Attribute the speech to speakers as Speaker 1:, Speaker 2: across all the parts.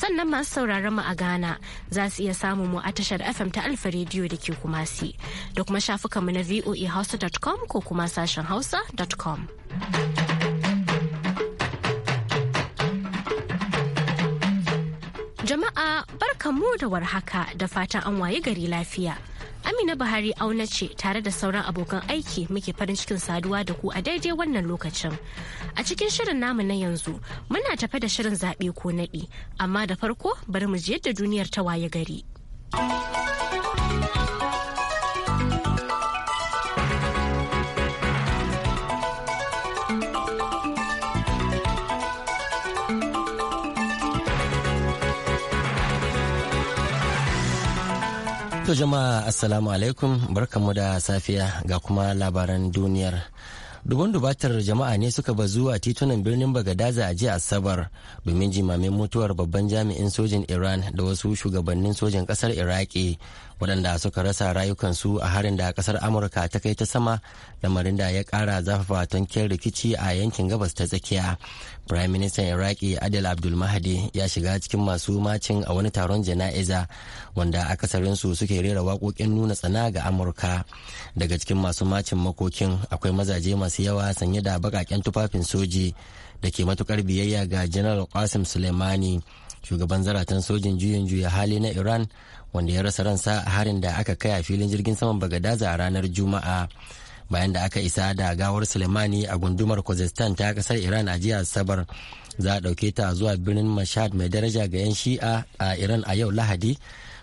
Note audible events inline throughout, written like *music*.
Speaker 1: sannan masu sauraron mu a Ghana za su iya samun mu a tashar FM ta Alfa Radio da ke Kumasi da kuma shafukan mu na voahausa.com ko kuma sashen hausa.com. Jama'a barkamu da warhaka da fatan an waye gari lafiya. Amina Buhari auna ce tare da sauran abokan aiki muke farin cikin saduwa da ku a daidai wannan lokacin. A cikin shirin namu na yanzu muna tafe da shirin zaɓe ko naɗi, amma da farko bari mu je yadda duniyar ta waye gari.
Speaker 2: To jama'a assalamu alaikum barkanmu da safiya ga kuma labaran duniyar. Dubun dubatar jama'a ne suka bazu a titunan birnin Bagadaza a jiya Asabar domin jimamin mutuwar babban jami'in sojin Iran da wasu shugabannin sojin kasar Iraki waɗanda suka rasa rayukansu a harin da ƙasar amurka ta kai ta sama lamarin da ya ƙara zafafa tonkin rikici a yankin gabas ta tsakiya prime minister iraki adil abdul mahdi ya shiga cikin masu macin a wani taron jana'iza wanda akasarinsu suke rera waƙoƙin nuna tsana ga amurka daga cikin masu macin makokin akwai mazaje masu yawa sanye da baƙaƙen tufafin soji da ke matuƙar biyayya ga general qasim suleimani shugaban zaratan sojin juyin juya hali na iran wanda ya rasa ransa a harin da aka kai a filin jirgin saman bagadaza a ranar juma'a bayan da aka isa da gawar sulemani a gundumar kwazistan ta kasar iran a jiya sabar za a ɗauke ta zuwa birnin mashad mai daraja ga 'yan shi'a a iran a yau lahadi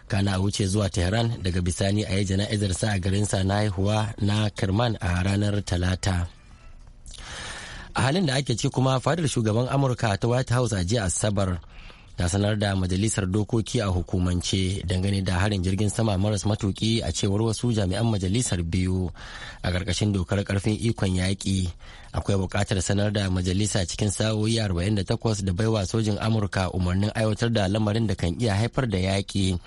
Speaker 2: kana a wuce zuwa tehran daga bisani a yi jana'izar sa a sa na haihuwa na kirman a ranar talata a halin da ake ci kuma fadar shugaban amurka ta white house a jiya asabar na sanar da majalisar dokoki a hukumance dangane da harin jirgin sama maras matuki a cewar wasu jami'an majalisar biyu a ƙarƙashin dokar karfin ikon yaƙi akwai buƙatar sanar da majalisa cikin sa'o'i 48 da baiwa sojin amurka umarnin aiwatar da lamarin da kan iya haifar da yaƙi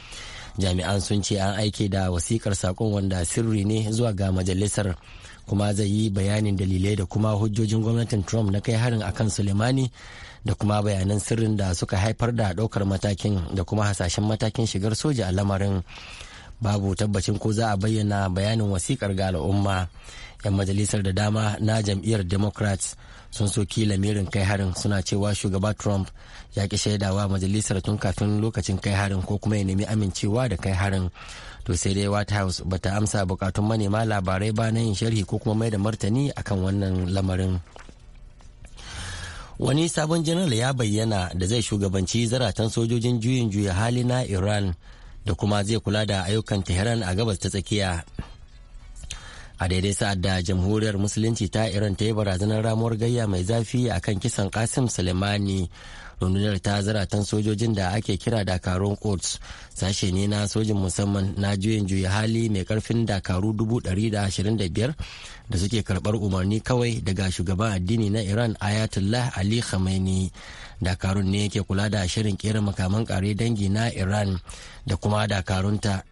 Speaker 2: jami'an sun ce an aike da wasikar sakon wanda sirri ne zuwa ga majalisar kuma zai yi bayanin dalilai da kuma hujjojin gwamnatin trump na kai harin akan sulemani da kuma bayanan sirrin da suka haifar da ɗaukar matakin da kuma hasashen matakin shigar soja a lamarin babu tabbacin ko za a bayyana bayanin wasikar ga al'umma yan majalisar da dama na jam'iyyar democrats sun soki lamirin kai harin suna cewa shugaba trump ya ki shaidawa majalisar tun kafin lokacin kai harin ko kuma ya nemi amincewa da kai harin to sai dai white house ta amsa bukatun manema labarai ba na yin sharhi ko kuma mai da martani akan wannan lamarin wani sabon janar ya bayyana da zai shugabanci zaratan sojojin juyin juya hali na iran da kuma zai kula da ayyukan tehran a gabas ta tsakiya a daidai sa'ad da jamhuriyar musulunci ta iran ta yi barazanar ramuwar gayya mai zafi akan kisan kasim suleimani rundunar ta zaratan sojojin da ake kira dakarun quds sashe ne na sojin musamman na juyin juya hali mai karfin dakaru 125 da suke karbar umarni kawai daga shugaban addini na iran ayatollah ali khamenei dakarun ne yake kula da shirin kera makaman kare dangi na iran da kuma dakarunta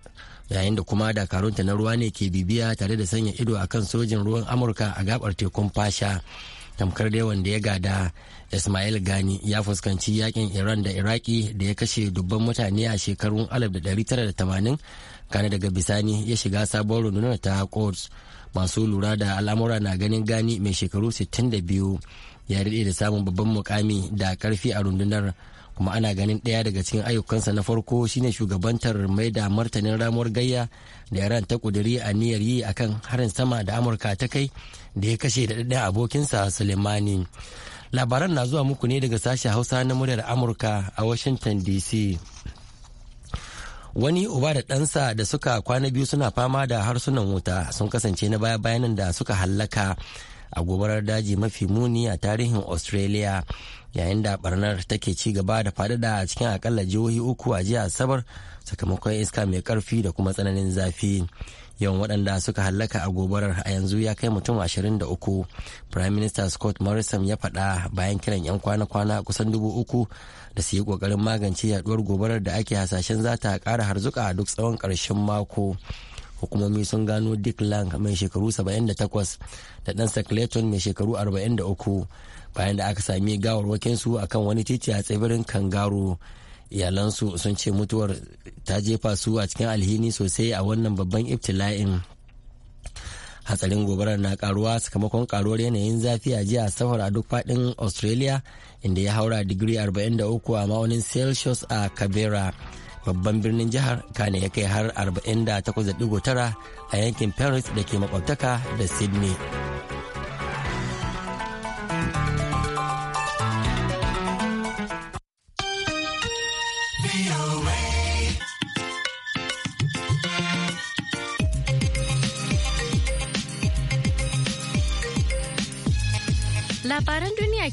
Speaker 2: yayin da kuma dakarunta na ruwa ne ke bibiya tare da sanya ido akan sojin ruwan amurka a gabar tekun fasha tamkar dai wanda ya gada Ismail Gani ya fuskanci yakin Iran da Iraki da ya kashe dubban mutane a shekarun 1980 kana daga bisani ya shiga sabon rundunar ta Quds. Masu lura da al'amura na ganin Gani mai shekaru 62 ya daɗe da samun babban mukami da karfi a rundunar kuma ana ganin ɗaya daga cikin ayyukansa na farko shine shugabantar mai da martanin ramuwar gayya da iran ta a niyyar yi akan harin sama da amurka ta kai da ya kashe da abokinsa sulemani labaran na zuwa muku ne daga sashen hausa na muryar amurka a washington dc wani uba da ɗansa da suka kwana biyu suna fama da harsunan wuta sun kasance na baya bayanan da suka hallaka a gobarar daji mafi muni a tarihin australia yayin da barnar take ci gaba da faɗaɗa a cikin akalla jihohi uku a jiya asabar sakamakon iska mai ƙarfi da kuma tsananin zafi yawan waɗanda suka hallaka a gobarar a yanzu ya kai mutum 23 prime minister scott morrison ya faɗa bayan kiran 'yan kwana-kwana kusan dubu uku da su yi ƙoƙarin magance yaduwar gobarar da ake hasashen za ta ƙara harzuka a duk tsawon ƙarshen mako hukumomi sun gano dick lang mai shekaru 78 da ɗansa clayton mai shekaru 43 bayan da aka sami gawarwakinsu akan wani titi a tsibirin kangaroo. iyalansu sun ce mutuwar ta jefa su a cikin alhini sosai a wannan babban ibtila'in hatsarin gobarar na karuwa sakamakon karuwar yanayin zafi a jiya safar a duk fadin australia inda ya haura digiri 43 a ma'aunin celsius a kabera babban birnin jihar kane ya kai har 48.9 a yankin paris da ke makwabtaka da sydney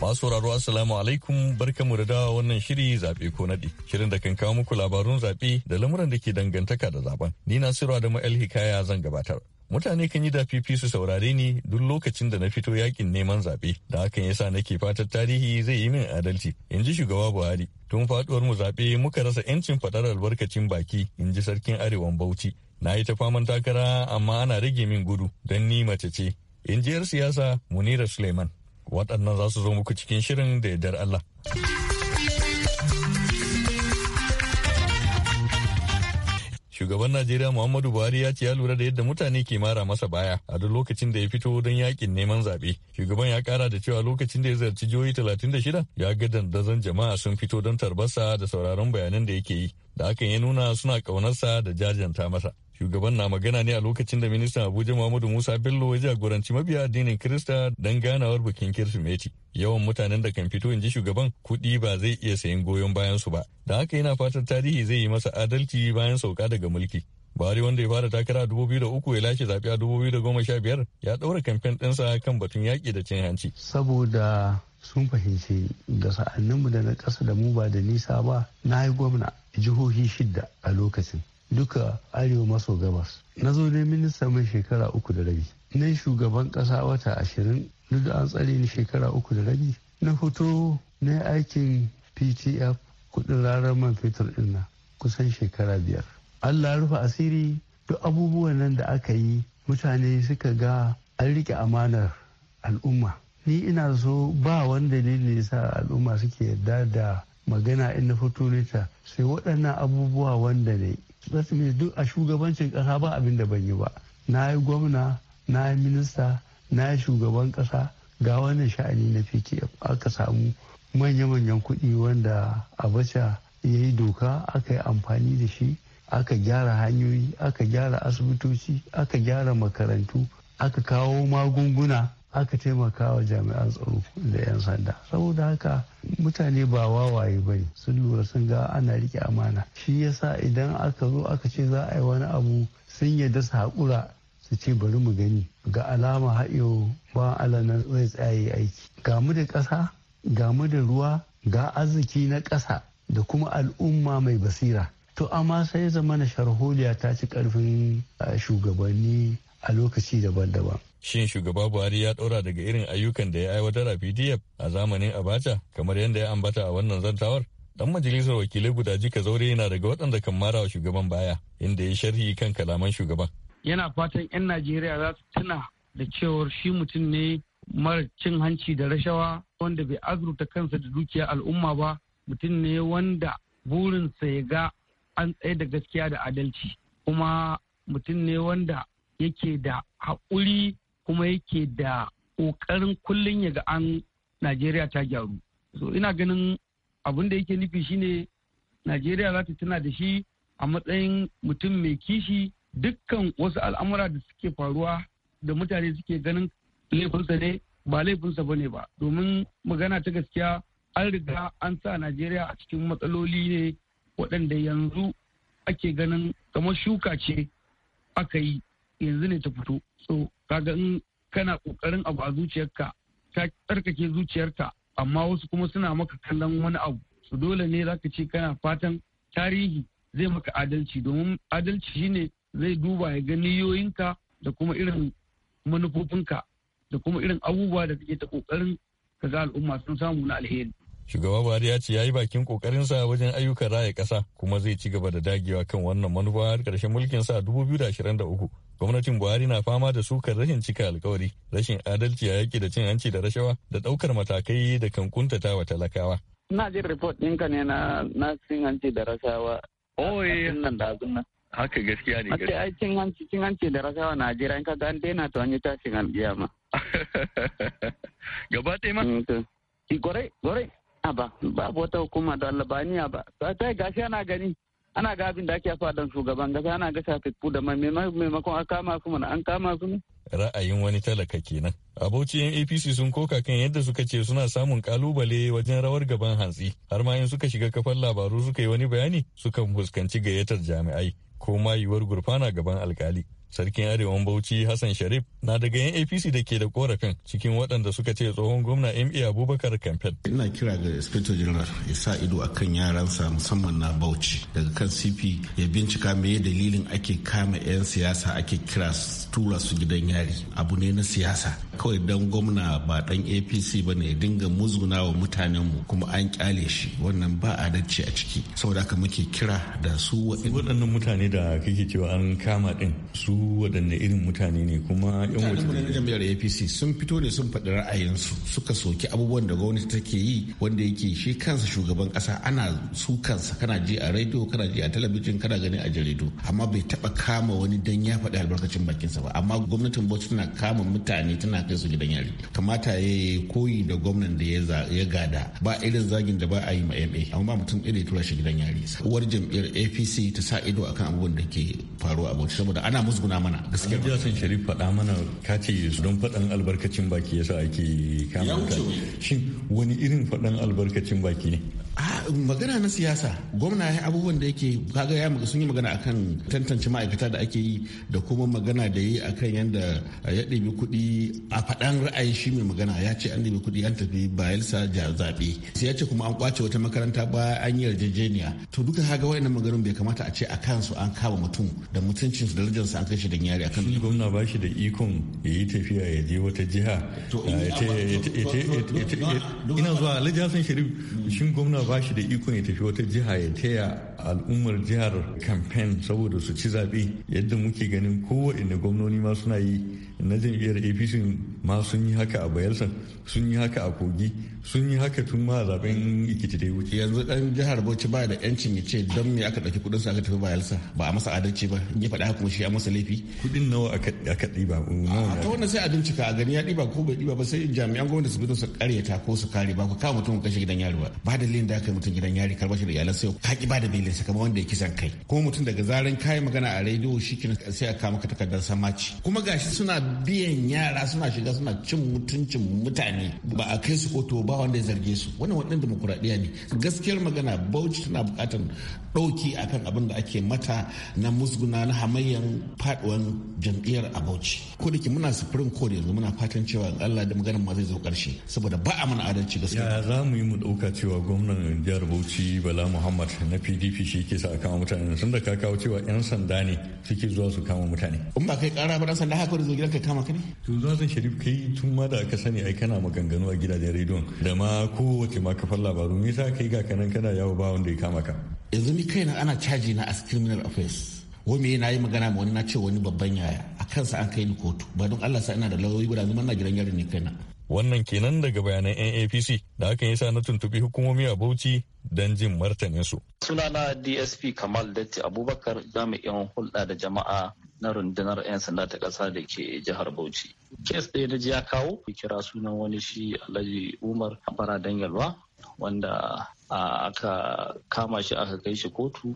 Speaker 3: Masu sauraro Assalamu alaikum barkamu da dawa wannan shiri zaɓe ko naɗi. Shirin da kan kawo muku labarun zaɓe da lamuran da ke dangantaka da zaben. Ni na Sirwa da ma'al Hikaya zan gabatar. Mutane kan yi dafifi su saurare ni duk lokacin da na fito yakin neman zaɓe da hakan yasa nake fatar tarihi zai yi min adalci. In ji shugaba Buhari. Tun faɗuwar mu zaɓe muka rasa 'yancin faɗar albarkacin baki in ji sarkin arewan Bauchi. Na yi ta faman takara amma ana rage min gudu don ni mace ce. In jiyar siyasa Munira Suleiman. waɗannan za su zo muku cikin shirin da yadda Allah. Shugaban Najeriya Muhammadu Buhari ya ce ya lura da yadda mutane ke mara masa baya a duk lokacin da ya fito don yakin neman zaɓe. Shugaban ya kara da cewa lokacin da ya zarci jihohi shida ya ga dandazon jama'a sun fito don tarbarsa da sauraron bayanan da yake yi. Da hakan ya nuna suna ƙaunarsa da jajanta masa. Shugaban na magana ne a lokacin da ministan Abuja Muhammadu Musa Bello ya jagoranci mabiya addinin Kirista don ganawar bikin Kirsimeti. Yawan mutanen da kan fito in ji shugaban kuɗi ba zai iya sayin goyon bayansu ba. Da haka yana fatan tarihi zai yi masa adalci bayan sauka daga mulki. bari wanda ya fara takara a uku ya lashe zaɓe a goma sha biyar ya ɗaura kamfen ɗinsa kan batun yaƙi da cin hanci. Saboda
Speaker 4: sun fahimci da sa'anninmu da na ƙasa da mu ba da nisa ba na yi gwamna jihohi shidda a lokacin duka arewa maso gabas na zo ne minista mai shekara uku da rabi na shugaban kasa wata ashirin duk da an tsare ni shekara uku da rabi na fito na aikin ptf kudin ranar man fetur dinna kusan shekara biyar allah rufe asiri duk abubuwan nan da aka yi mutane suka ga an rike amanar al'umma ni ina so ba wanda ne sa al'umma suke yarda da magana in na fito ta sai waɗannan abubuwa wanda ne Rasmi duk a shugabancin kasa ba abin da ban yi ba. Na yi gwamna, na yi minista, na yi shugaban kasa ga wannan sha'ani na PTF aka samu manya-manyan kuɗi wanda Abacha ya yi doka aka yi amfani da shi aka gyara hanyoyi aka gyara asibitoci aka gyara makarantu aka kawo magunguna aka taimaka wa jami'an tsaro da 'yan sanda saboda haka mutane ba wawaye ba ne sun lura sun ga ana rike amana shi yasa idan aka zo aka ce za a yi wani abu sun yadda su haƙura su ce bari mu gani ga alama haɗewa ba Allah zai tsaye aiki ga mu da ƙasa ga mu da ruwa ga arziki na ƙasa da kuma al'umma mai basira to amma sai zama na sharholiya ta ci ƙarfin eh, shugabanni a lokaci daban-daban
Speaker 3: Shin shugaba Buhari ya ɗora daga irin ayyukan da ya aiwatar a PDF a zamanin Abacha kamar yadda ya ambata a wannan zantawar? Dan majalisar wakilai guda jika zaure yana daga waɗanda kan mara wa shugaban baya inda ya sharhi kan kalaman shugaban.
Speaker 5: Yana fatan 'yan Najeriya za su tuna da cewar shi mutum ne mara cin hanci da rashawa wanda bai azurta kansa da dukiya al'umma ba mutum ne wanda burinsa ya ga an tsaye da gaskiya da adalci kuma mutum ne wanda yake da haƙuri kuma yake da ƙoƙarin kullum ya ga an najeriya ta gyaru so ina ganin abin da yake nufi shine najeriya za ta tuna da shi a matsayin mutum mai kishi dukkan wasu al'amura da suke faruwa da mutane suke ganin laifinsa ne ba laifinsa ba ne ba domin magana ta gaskiya an riga an sa najeriya a cikin matsaloli ne waɗanda yanzu ake ganin kamar shuka ce aka yi yanzu ne ta fito so kaga in kana kokarin abu a zuciyarka ka tsarkake zuciyarka amma wasu kuma suna maka kallon wani abu su dole ne zaka ce kana fatan tarihi zai maka adalci domin adalci shine zai duba ya ga niyoyinka da kuma irin manufofinka da kuma irin abubuwa da kake ta kokarin ka ga al'umma sun samu na alheri
Speaker 3: shugaba buhari ya ce ya yi bakin kokarin sa wajen ayyukan raya kasa kuma zai ci gaba da dagewa kan wannan manufa har karshen mulkin sa 2023 gwamnatin buhari na fama da sukar rashin cika alkawari rashin adalci a yaki da cin hanci da rashawa da ɗaukar matakai da kan kuntata wa talakawa
Speaker 5: na jin report ɗinka ne na na cin hanci da rashawa oye nan da nan
Speaker 3: haka gaskiya ne gaskiya ai
Speaker 5: cin hanci cin hanci da rashawa jira, in ka ga an daina to an yi tashin alƙiyama *laughs* gaba ɗaya ma gore gore ba babu wata hukuma da Allah ba ba ta gashi ana gani ana ga abin da ake so dan shugaban gasa ana ga shafiku da maimakon a kama su mana an kama su ne.
Speaker 3: Ra'ayin wani talaka kenan. Abauci yan APC sun koka kan yadda suka ce suna samun kalubale wajen rawar gaban hantsi har ma in suka shiga kafar labaru suka yi wani bayani sukan fuskanci gayyatar jami'ai ko ma yiwuwar gurfana gaban alkali. Sarkin Arewan Bauchi Hassan Sharif na daga yan APC da ke da korafin cikin waɗanda suka ce tsohon gwamna MA Abubakar Kamfen.
Speaker 6: Ina kira ga Inspector General ya sa ido a kan yaransa musamman na Bauchi daga kan CP ya bincika me dalilin ake kama 'yan siyasa ake kira tura su gidan yari abu ne na siyasa kawai dan gwamna ba dan APC ba ne dinga muzguna wa mutanenmu kuma an kyale shi
Speaker 3: wannan ba adalci a ciki saboda haka muke kira da su waɗannan mutane da kake cewa an kama din su waɗanne irin mutane ne kuma yan wace mutanen jam'iyyar apc sun
Speaker 6: fito ne sun faɗi ra'ayinsu suka soki abubuwan da gwamnati take yi wanda yake shi kansa shugaban kasa ana su kansa kana ji a radio kana ji a talabijin kana gani a jaridu amma bai taɓa kama wani dan ya faɗi albarkacin bakinsa ba amma gwamnatin bauchi tana kama mutane tana kai su gidan yari kamata ya yi koyi da gwamnan da ya gada ba irin zagin da ba a yi ma ma amma ba mutum irin tura shi gidan yari uwar jam'iyyar apc ta sa ido akan abubuwan da ke
Speaker 3: faruwa a bauchi saboda ana musu nuna mana gaskiya ba Jason Sharif faɗa mana ka ce don faɗan albarkacin baki yasa ake kamata shin wani irin faɗan albarkacin baki ne
Speaker 6: magana na siyasa gwamna ya abubuwan da yake kaga ya sun yi magana akan tantance ma'aikata da ake yi da kuma magana da yi akan yadda ya ɗebi kuɗi a faɗan ra'ayi shi mai magana ya ce an ɗebi kuɗi an tafi bayelsa zaɓe sai ya ce kuma an kwace wata makaranta ba an yi yarjejeniya to duka kaga wayannan maganganun bai kamata a ce a kansu an kama mutum da
Speaker 3: mutuncin su darajar an kai shi da yari akan shi gwamna ba shi da ikon ya yi tafiya ya je wata jiha ina zuwa alhaji hassan sharif shin gwamna ba shi da ikon ya tafi wata jiha ya taya al'ummar jihar kamfen saboda su ci zaɓe yadda muke ganin kowa inda gwamnoni ma suna yi na jam'iyyar apc ma sun yi haka a bayelsa sun yi haka a kogi sun yi haka tun ma zaben ikiti da wuce
Speaker 6: yanzu dan jihar bauchi ba da yancin ya ce don me aka dauki kudin sa aka tafi bayelsa ba a masa adalci ba in ya faɗa kuma shi a masa laifi kudin nawa aka ɗiba a wannan sai a bincika a gani ya ɗiba ko bai ɗiba ba sai jami'an gwamnati su fito su karyata ko su kare ba ku kawo mutum kashe gidan yari ba ba dalilin da aka yi mutum gidan yari shi da iyalan sai ka ki ba da bilin sa kamar wanda ya kisan kai ko mutum daga zaran kayi magana a rediyo shi sai a kama ka takardar samaci kuma gashi suna biyan yara suna shiga ga suna cin mutuncin mutane ba a kai su kotu ba wanda ya zarge su wannan wannan demokuraɗiyya ne gaskiyar magana bauchi tana buƙatar ɗauki akan abin da ake mata na musguna na hamayyar faɗuwan jam'iyyar a bauchi ko da ke muna supreme court yanzu muna fatan cewa Allah da maganar ma zai zo ƙarshe saboda ba a mana adalci gaskiya ya
Speaker 3: za mu yi mu ɗauka cewa gwamnan jihar bauchi bala muhammad na pdp shi ke sa a kama mutane sun da ka kawo cewa 'yan sanda ne suke zuwa su kama mutane
Speaker 6: in ba kai ƙara ba ɗan sanda haka da zo gidan ka kama ka ne
Speaker 3: to zan sharif kai tun ma da aka sani ai kana maganganu a gidajen rediyon da ma kowace ma kafar labaru nisa yasa kai ga kanan kana yawo ba wanda ya kama ka yanzu ni kaina ana caji na as criminal offense wani na
Speaker 6: yi magana ma wani na ce wani babban yaya a kansa an kai ni kotu ba don Allah sa ina da lauyoyi guda zuma na gidan yari ne
Speaker 3: kaina wannan kenan daga bayanan NAPC da hakan yasa na tuntubi hukumomi a Bauchi
Speaker 7: don jin martanin su. Sunana DSP Kamal Datti Abubakar jami'in hulɗa da jama'a na rundunar 'yan sanda ta ƙasa da ke jihar Bauchi. Kes ɗaya na ji ya kawo, kira sunan wani shi Alhaji Umar Abara Dangalwa wanda aka kama shi aka kai shi kotu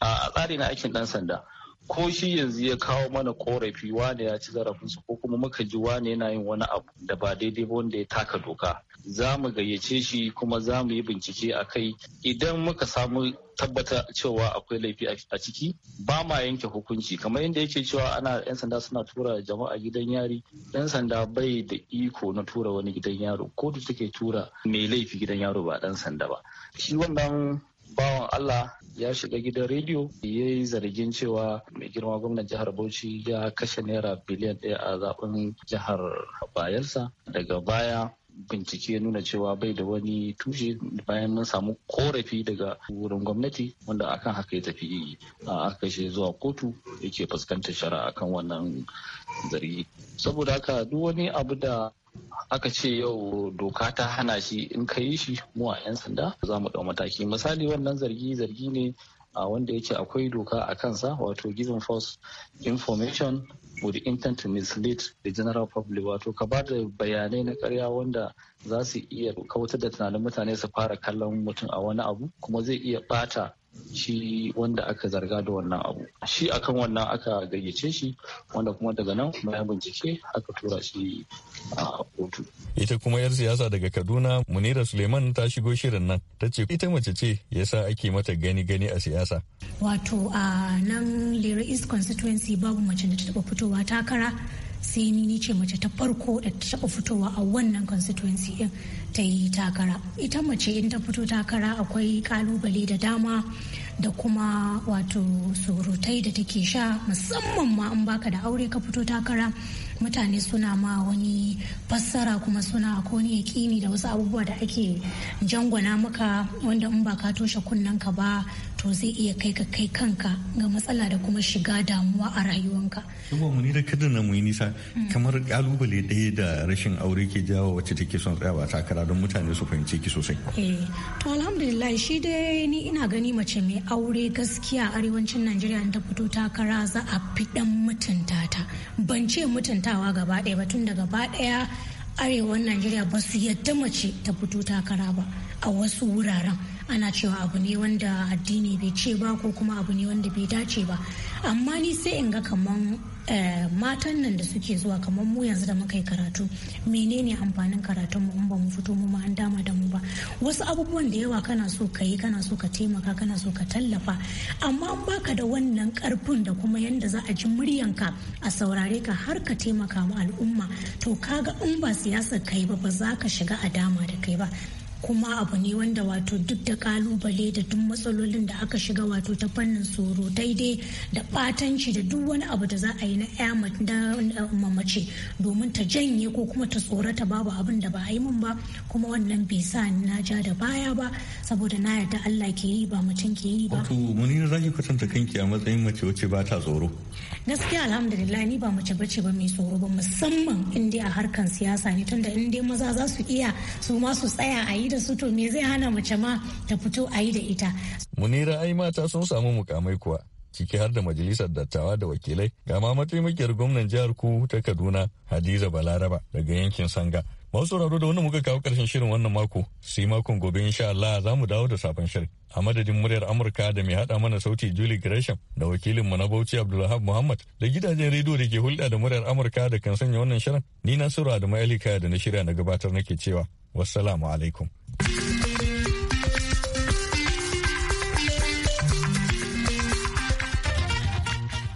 Speaker 7: a tsari na aikin ɗan sanda. ko shi yanzu ya kawo mana korafi wane ya ci zarafinsu ko kuma muka ji wane yana yin wani abu da ba daidai ba wanda ya taka doka za mu gayyace shi kuma za mu yi bincike a kai idan muka samu tabbata cewa akwai laifi a ciki ba ma yanke hukunci kamar yadda yake cewa ana yan sanda suna tura jama'a gidan yari yan sanda bai da iko na tura wani gidan yaro Ko da suke tura mai laifi gidan yaro ba dan sanda ba shi wannan bawan Allah ya shiga gidan rediyo ya yi zargin cewa mai girma gwamnan jihar Bauchi ya kashe naira biliyan ɗaya a zaben jihar Bayelsa daga baya bincike ya nuna cewa bai da wani tushe bayan mun samu korafi daga wurin gwamnati wanda akan haka ya tafi A aka shi zuwa kotu yake fuskantar shari'a akan wannan zargi saboda haka duk wani abu da aka ce yau doka ta hana shi in ka yi shi mu a 'yan sanda za mu ɗau mataki misali wannan zargi zargi ne a wanda yake akwai doka a kansa wato giving false information with intent to mislead the general public wato ka ba da bayanai na karya wanda za su iya kautar da tunanin mutane su fara kallon mutum a wani abu kuma zai iya bata shi wanda aka zarga da wannan abu shi akan wannan aka gayyace shi wanda kuma daga nan bayan bincike aka tura shi a kotu
Speaker 3: ita kuma yar siyasa daga kaduna munira suleiman ta shigo shirin nan ta ce ita mace ce yasa ake mata gani gani a siyasa
Speaker 8: wato a nan lera east constituency babu mace da ta taba fitowa takara sai ni ni ce mace ta farko da ta taɓa fitowa a wannan constituency din ta yi takara ita mace in ta fito takara akwai kalubale da dama da kuma wato surutai da take sha musamman ma in baka da aure ka fito takara mutane suna ma wani fassara kuma suna ko ne yakini da wasu abubuwa da ake jangwana maka wanda in ba ka toshe kunnen ka ba to zai iya kai ka kai kanka ga matsala da kuma shiga damuwa a rayuwanka.
Speaker 3: Yawwa mu ni da kada na muyi nisa kamar kalubale ɗaya da rashin aure ke jawo wacce take son tsayawa takara don mutane su fahimce ki sosai.
Speaker 8: Eh, to alhamdulillah shi dai ni ina gani mace mai aure gaskiya arewacin Najeriya ta fito takara za a fi dan mutunta ta. Ban ce mutuntawa gaba ɗaya ba tun da gaba ɗaya arewan Najeriya ba su yadda mace ta fito takara ba a wasu wuraren. ana cewa abu ne wanda addini bai ce ba ko kuma abu ne wanda bai dace ba amma ni sai in ga kaman eh, matan nan da suke zuwa kamar mu yanzu da muka yi karatu menene amfanin karatun mu in ba mu fito mu ma an dama da mu ba wasu abubuwan da yawa kana so ka yi kana so ka taimaka kana so ka tallafa amma an baka da wannan karfin da kuma yanda za a ji muryanka a saurare ka har ka taimaka ma al'umma to kaga in ba siyasar kai ba ba za ka shiga a dama da kai ba kuma abu ne wanda wato duk da kalubale da duk matsalolin da aka shiga wato ta fannin tsoro daidai da batanci da duk wani abu da za a yi na ya mamace domin ta janye ko kuma ta tsorata babu abin da ba a yi min ba kuma wannan bai sa ni na ja da baya ba saboda na yarda Allah ke yi ba mutum ke yi ba. Wato
Speaker 3: muni za ki kwatanta kanki a matsayin mace wacce ba ta tsoro.
Speaker 8: Gaskiya alhamdulillah ni ba mace bace ba mai tsoro ba musamman in dai a harkan siyasa ne tunda in dai maza za su iya su ma su tsaya a yi da da su to me zai hana mace ma ta fito a yi da ita.
Speaker 3: Munira ai mata sun samu mukamai kuwa ciki har da majalisar dattawa da wakilai ga ma mataimakiyar gwamnan jihar ku ta Kaduna Hadiza Balaraba daga yankin Sanga. Masu sauraro da wanda muka kawo karshen shirin wannan mako sai makon gobe insha Allah za mu dawo da sabon shirin. A madadin muryar Amurka da mai haɗa mana sauti Julie Gresham da wakilin na Bauchi Abdulwahab Muhammad da gidajen rediyo da ke hulɗa da muryar Amurka da kan sanya wannan shirin ni na sura da ma'alika da na shirya na gabatar nake cewa Wassalamu alaikum.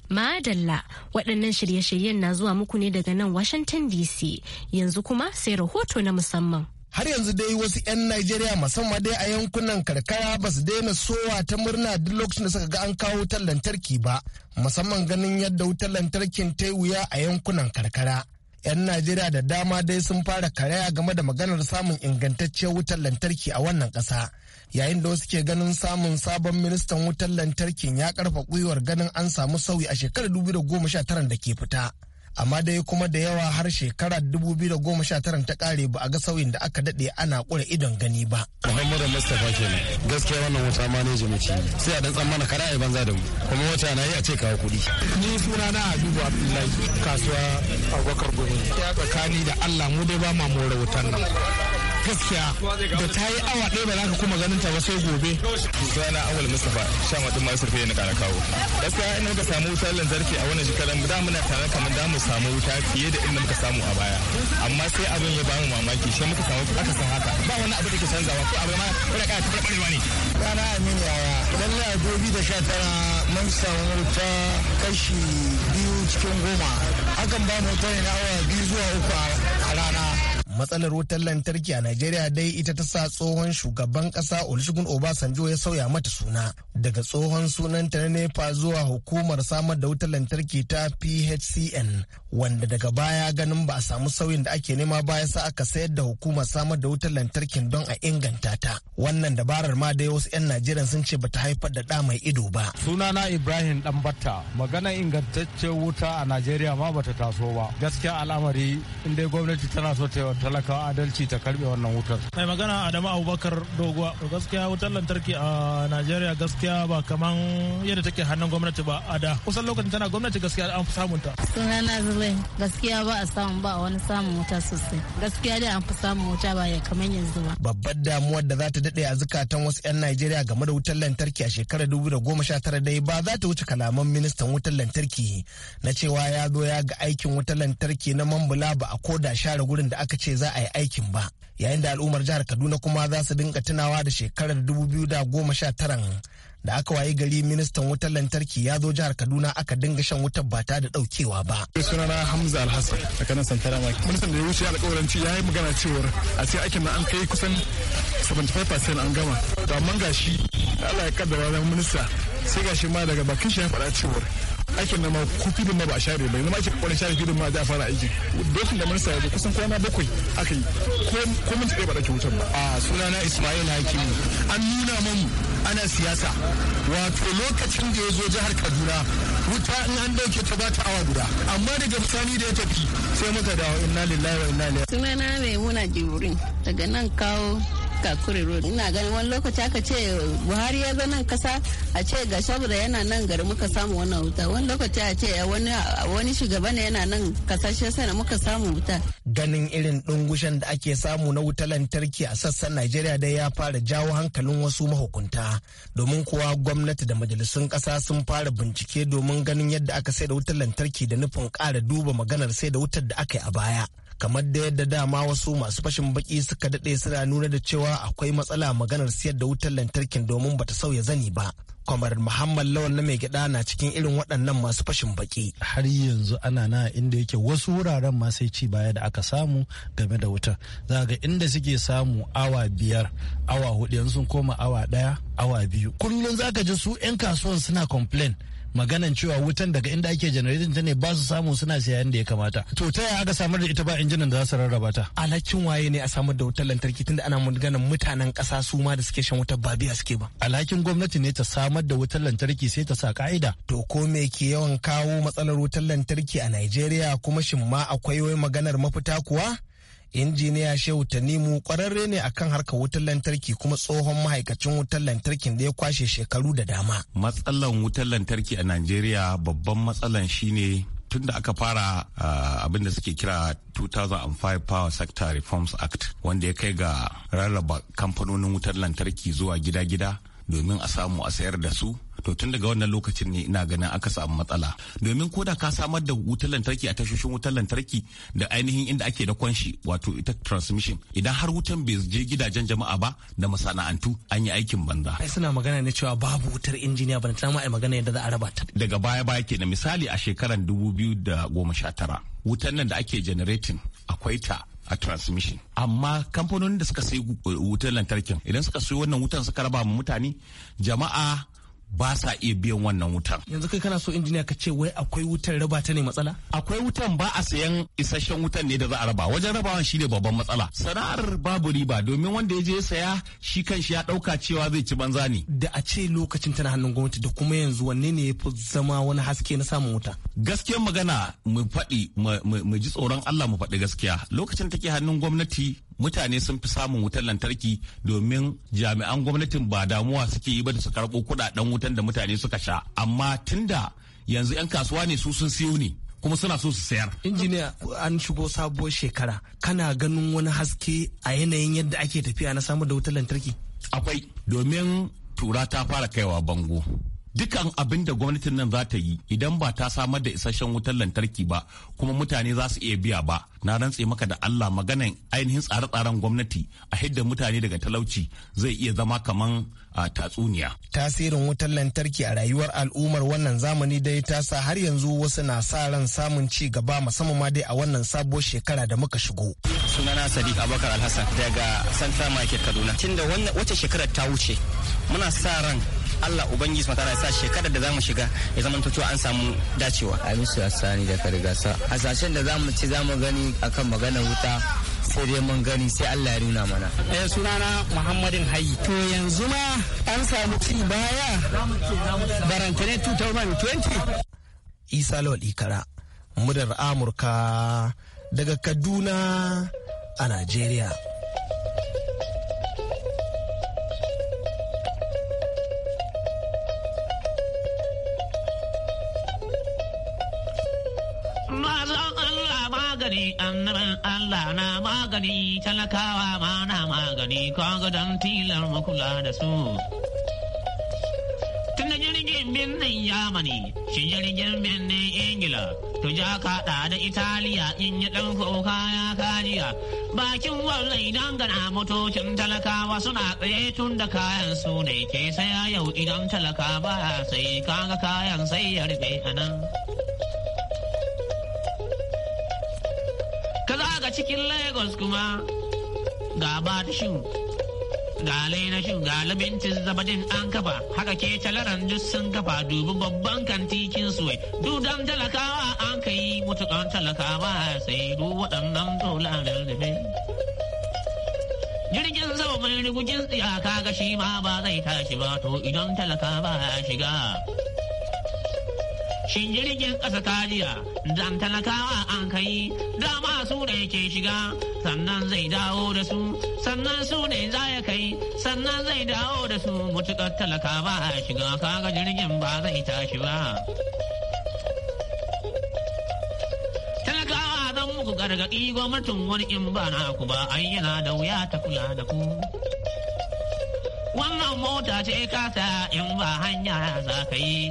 Speaker 1: Madalla waɗannan shirye-shiryen na zuwa muku ne daga nan Washington DC yanzu kuma sai rahoto na musamman.
Speaker 9: har yanzu dai wasu 'yan Najeriya musamman dai a yankunan karkara ba su daina sowa ta murna duk lokacin da suka ga an kawo wutar lantarki ba, musamman ganin yadda wutar lantarkin ta wuya a yankunan karkara. 'yan najeriya da dama dai sun fara karaya game da maganar samun ingantacciyar wutar lantarki a wannan ƙasa yayin da wasu ke ganin samun sabon ministan wutar lantarkin ya karfa gwiwar ganin an samu sauyi a shekarar 2019 da ke fita amma dai kuma da yawa har shekara 2019 ta kare ba a ga sauyin da aka dade ana kura idon gani ba.
Speaker 10: Muhammadu Mustapha kenan gaskiya wannan wata ma ne jami'i sai a dan tsan kada a banza da mu kuma wata na yi a ce kawo kuɗi.
Speaker 9: Ni suna na Habibu Abdullahi kasuwa Abubakar Gumi. Ya tsakani da Allah mu dai ba ma more wutan nan. gaskiya da ta yi awa ɗaya ba za ka kuma ganin ta ba sai gobe.
Speaker 6: Sunana Awal Mustapha shan wadin masu rufe na
Speaker 9: kana kawo. Gaskiya ina muka samu wutar lantarki
Speaker 10: a wannan shekarar da muna tare kamar da mu samu wuta fiye da inda muka samu a baya. Amma sai abin ya bamu mamaki shi muka samu aka san haka. Ba wani abu da ke canzawa ko abu ma
Speaker 3: wani kaya ta farfarewa ne.
Speaker 9: Rana Amin yaya. Lallai a gobe da sha tara mun samu wuta kashi biyu cikin goma. Hakan ba mu wuta ne na awa biyu zuwa uku a rana. matsalar wutar lantarki a najeriya dai ita ta sa tsohon shugaban kasa olusegun obasanjo ya sauya mata suna daga tsohon sunanta na nepa zuwa hukumar samar da wutar lantarki ta phcn wanda daga baya ganin ba a samu sauyin da ake nema ba ya sa aka sayar da hukumar samar da wutar lantarkin don a inganta ta wannan dabarar ma dai wasu 'yan najeriya sun ce bata haifar da ɗa mai ido ba sunana ibrahim danbatta magana ingantaccen wuta a najeriya ma bata taso ba gaskiya al'amari in gwamnati tana so ta talakawa adalci ta karbe wannan wutar. Mai magana Adamu Abubakar Doguwa gaskiya wutar lantarki a Najeriya gaskiya ba kaman yadda take hannun gwamnati ba a da kusan lokacin tana gwamnati gaskiya an fi samun ta.
Speaker 1: Sunana Zulai gaskiya ba a samu ba wani samun wuta sosai gaskiya dai an fi samun wuta ba ya kaman yanzu ba.
Speaker 9: Babbar damuwar da za ta daɗe a zukatan wasu 'yan Najeriya game da wutar lantarki a shekarar dubu da goma sha tara dai ba za ta wuce kalaman ministan wutar lantarki na cewa ya zo ya ga aikin wutar lantarki na mambula ba a koda share gurin da aka ce za a yi aikin ba yayin da al'ummar jihar kaduna kuma za su dinga tunawa da shekarar 2019 da aka waye gari ministan wutar lantarki ya zo jihar kaduna aka dinga shan wutar ba ta da daukewa ba sunana hamza alhassan tsakanin santara maki
Speaker 10: ministan da ya wuce alkawaranci ya yi magana cewar a cikin aikin na an kai kusan 75% an gama to amma gashi allah ya kaddara ran minista sai gashi ma daga bakin shi ya faɗa cewar aikin nan ma ko filin ma ba a share bai zama ake kokarin share filin ma za a fara aiki dokin da minista ya kusan kwana bakwai aka yi ko minti ɗaya ba da wutan ba a sunana ismail hakim an nuna man
Speaker 9: ana siyasa wato lokacin da ya zo jihar kaduna wuta in an dauke ta ba ta awa guda amma daga bisani da ya tafi sai muka dawo inna lillahi wa inna ilaihi
Speaker 11: sunana maimuna jibrin daga nan kawo kakuri road ina ganin wani lokaci aka ce buhari ya zo nan kasa a ce ga saboda yana nan gari muka samu wannan wuta wani lokaci a ce wani shugaba ne yana nan kasashe sana muka samu wuta
Speaker 9: ganin irin dungushen da ake samu na wutar lantarki a sassan najeriya dai ya fara jawo hankalin wasu mahukunta domin kuwa gwamnati da majalisun kasa sun fara bincike domin ganin yadda aka sai da wutar lantarki da nufin kara duba maganar sai da wutar da aka yi a baya kamar da yadda dama wasu masu fashin baki suka daɗe suna nuna da cewa akwai matsala maganar siyar da wutar lantarkin domin bata sauya zani ba kwamar muhammad lawan na mai gida na cikin irin waɗannan masu fashin baki har yanzu ana na inda yake wasu wuraren ma sai ci baya da aka samu game da wutar za ga inda suke samu awa biyar awa hudu yanzu sun koma awa daya awa biyu kullum za ka ji su 'yan kasuwan suna complain maganan cewa wutan daga inda ake generating ta ne ba su samu suna siyayen da ya kamata to ta yaya aka samar da ita ba injinan da za su rarraba ta alhakin waye ne a samar da wutar lantarki tunda ana maganan mutanen ƙasa su ma da suke shan wutar ba biya suke ba alhakin gwamnati ne ta samar da wutar lantarki sai ta sa ka'ida to ko me ke yawan kawo matsalar wutar lantarki a Najeriya kuma shin ma akwai wai maganar mafita kuwa injiniya shehu tanimu kwararre ne akan harkar wutar lantarki kuma tsohon ma'aikacin wutar lantarkin da ya kwashe shekaru da dama
Speaker 10: matsalan wutar lantarki a najeriya babban matsalan shine tun da aka fara uh, abin da suke kira 2005 power sector reforms act wanda ya kai ga rarraba kamfanonin wutar lantarki zuwa gida-gida domin a samu a sayar da su to tun daga wannan lokacin ne ina ganin aka samu matsala domin ko da ka samar da wutar lantarki a tashoshin wutar lantarki da ainihin inda ake da kwanshi wato ita transmission idan har wutan bai je gidajen jama'a ba da masana'antu an yi aikin banza
Speaker 9: ai suna magana ne cewa babu wutar injiniya ba ta ma magana yadda za a raba ta
Speaker 10: daga baya baya kenan misali a shekarar 2019 wutan nan da ake generating akwai ta a transmission amma kamfanonin da suka sayi wutar lantarkin idan suka sayi wannan wutan suka raba mu mutane jama'a ba sa iya biyan wannan wutan.
Speaker 9: Yanzu kai kana so injiniya ka ce wai akwai wutan raba ta ne matsala?
Speaker 10: Akwai wutan ba a sayan isasshen wutan ne da za a raba. Wajen rabawan shi ne babban matsala. Sana'ar babu riba domin wanda ya je ya saya shi kanshi ya ɗauka cewa zai ci banza ne.
Speaker 9: Da a ce lokacin tana hannun gwamnati da kuma yanzu wanne ne ya fi zama wani haske na samun wuta?
Speaker 10: Gaskiyar magana mu faɗi mu ji tsoron Allah mu faɗi gaskiya.
Speaker 9: Lokacin take hannun
Speaker 10: gwamnati mutane sun fi samun wutar lantarki domin jami'an gwamnatin ba damuwa suke yi ba da su karɓo kuɗaɗen wutan da mutane suka sha amma tunda yanzu 'yan kasuwa ne su
Speaker 9: sun siyo ne kuma suna so su sayar. injiniya an shigo sabuwar shekara kana ganin wani haske a yanayin yadda ake tafiya na samar da wutar lantarki akwai domin
Speaker 10: tura ta fara kaiwa bango dukan abin da gwamnatin nan za ta yi idan ba ta samar da isasshen wutar lantarki ba kuma mutane za su iya biya ba na rantse maka da Allah maganan ainihin tsare-tsaren gwamnati a hidda mutane daga talauci zai iya zama kaman a tatsuniya.
Speaker 9: Tasirin wutar lantarki a rayuwar al'ummar wannan zamani dai ta sa har yanzu wasu na sa ran samun ci gaba musamman ma dai a wannan sabuwar shekara da muka shigo.
Speaker 2: Sunana Sadiq Abubakar Alhassan daga Central Market Kaduna. Tunda wannan wace shekarar ta wuce muna sa ran Allah ubangiji subhanahu sa shekarar da zamu shiga ya zama cewa an samu dacewa su Asani da Kargasa hasashen da zamu ci zamu gani akan magana wuta sai dai mun gani sai Allah ya nuna mana.
Speaker 9: Eh sunana Muhammadin Hayi. To yanzu ma an samu ci baya barantane 2020. Isa Lawal Ikara, mudar Amurka daga Kaduna a
Speaker 7: Najeriya.
Speaker 11: magani talakawa ma na magani kaga don tilar makula da su Tunda jirgin birnin yamani shi jirgin birnin ingila ja kaɗa da italiya in yi ɗan kuka ya kajiya bakin wallo idan gana motocin talakawa suna tsaye tun da kayan su ne ke saya yau idan talaka ba sai kaga kayan sai ya rufe a nan a cikin Lagos kuma ga batishin ga lainashin ga labintin zabadin an kafa haka ke talaran duk sun kafa dubi babban kantikin suwai dudan talakawa an ka yi mutukan talakawa sai du waɗannan tolarar da jirgin sama mai rigujin tsiyaka ga shi ma ba zai tashi ba to idan talakawa ya shiga shin jirgin ƙasa ta jiya dan talakawa an kai dama su ne ke shiga sannan zai dawo da su sannan su ne za ya kai sannan zai dawo da su mutuƙar talaka ba a shiga kaga jirgin ba zai tashi ba talakawa zan muku gargaɗi gwamnatin wani in ba na ku ba ai yana da wuya ta kula da ku wannan mota ce kasa in ba hanya za ka yi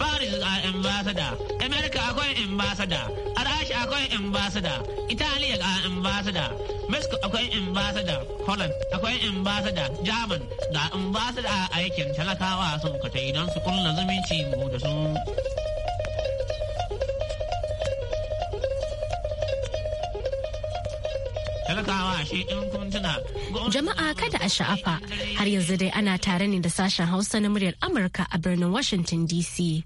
Speaker 11: Paris a ambassador, America akwai ambassador, Arashi akwai ambassador, Italiya a ambassador, Mexico akwai ambassador, Holland akwai ambassador, German ga ambassador a aikin talakawa sun katai don su kulla zumunci mu da su. Jama'a
Speaker 1: kada a sha'afa har yanzu dai ana tare ne da sashen Hausa na muryar Amurka a birnin Washington DC.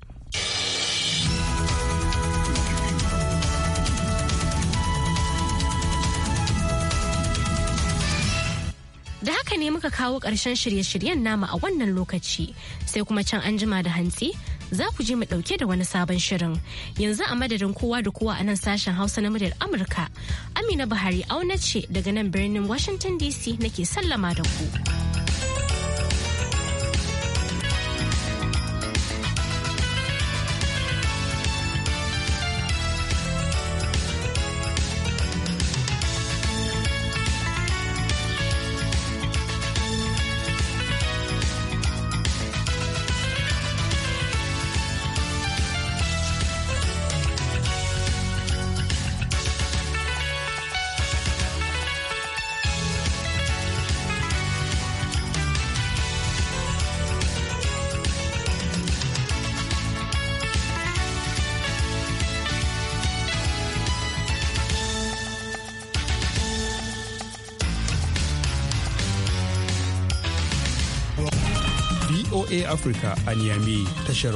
Speaker 1: Da haka ne muka kawo ƙarshen shirye-shiryen nama a wannan lokaci sai kuma can anjima da hantsi za ku je mu ɗauke da wani sabon shirin. Yanzu a madadin kowa da kowa a nan sashen Hausa na muryar Amurka. Amina Buhari auna ce daga nan birnin Washington DC nake sallama da ku.
Speaker 9: Africa a Niamey tashar